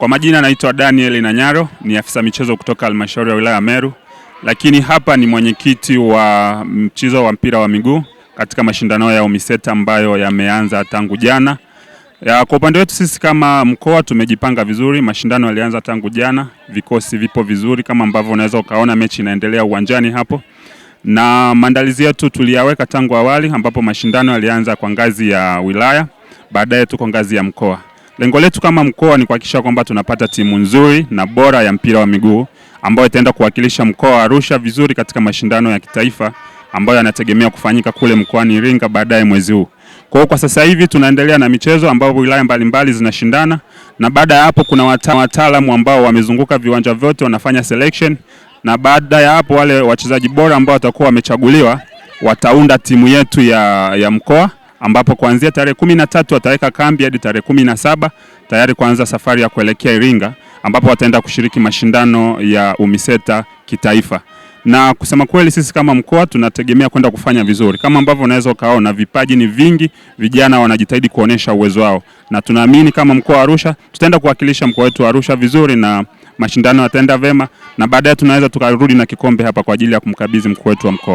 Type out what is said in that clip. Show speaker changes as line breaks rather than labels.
Kwa majina naitwa Daniel nanyaro ni afisa michezo kutoka halmashauri ya wilaya ya Meru, lakini hapa ni mwenyekiti wa mchezo wa mpira wa miguu katika mashindano ya UMISETA ambayo yameanza tangu jana. Ya, kwa upande wetu sisi kama mkoa tumejipanga vizuri, mashindano yalianza tangu jana, vikosi vipo vizuri kama ambavyo unaweza ukaona mechi inaendelea uwanjani hapo, na maandalizi yetu tuliyaweka tangu awali, ambapo mashindano yalianza kwa ngazi ya wilaya, baadaye tuko ngazi ya mkoa. Lengo letu kama mkoa ni kuhakikisha kwamba tunapata timu nzuri na bora ya mpira wa miguu ambayo itaenda kuwakilisha mkoa wa Arusha vizuri katika mashindano ya kitaifa ambayo yanategemea kufanyika kule mkoani Iringa baadaye mwezi huu. Kwa hiyo kwa sasa hivi tunaendelea na michezo ambapo wilaya mbalimbali zinashindana, na baada ya hapo kuna wataalamu ambao wamezunguka viwanja vyote wanafanya selection, na baada ya hapo wale wachezaji bora ambao watakuwa wamechaguliwa wataunda timu yetu ya, ya mkoa ambapo kuanzia tarehe kumi na tatu wataweka kambi hadi tarehe kumi na saba tayari kuanza safari ya kuelekea Iringa ambapo wataenda kushiriki mashindano ya UMISETA kitaifa na kusema kweli sisi kama mkoa tunategemea kwenda kufanya vizuri. Kama ambavyo unaweza ukaona, vipaji ni vingi, vijana wanajitahidi kuonesha uwezo wao, na tunaamini kama mkoa wa Arusha tutaenda kuwakilisha mkoa wetu wa Arusha vizuri na mashindano yataenda vema, na baadaye tunaweza tukarudi na kikombe hapa kwa ajili ya kumkabidhi mkuu wetu wa mkoa.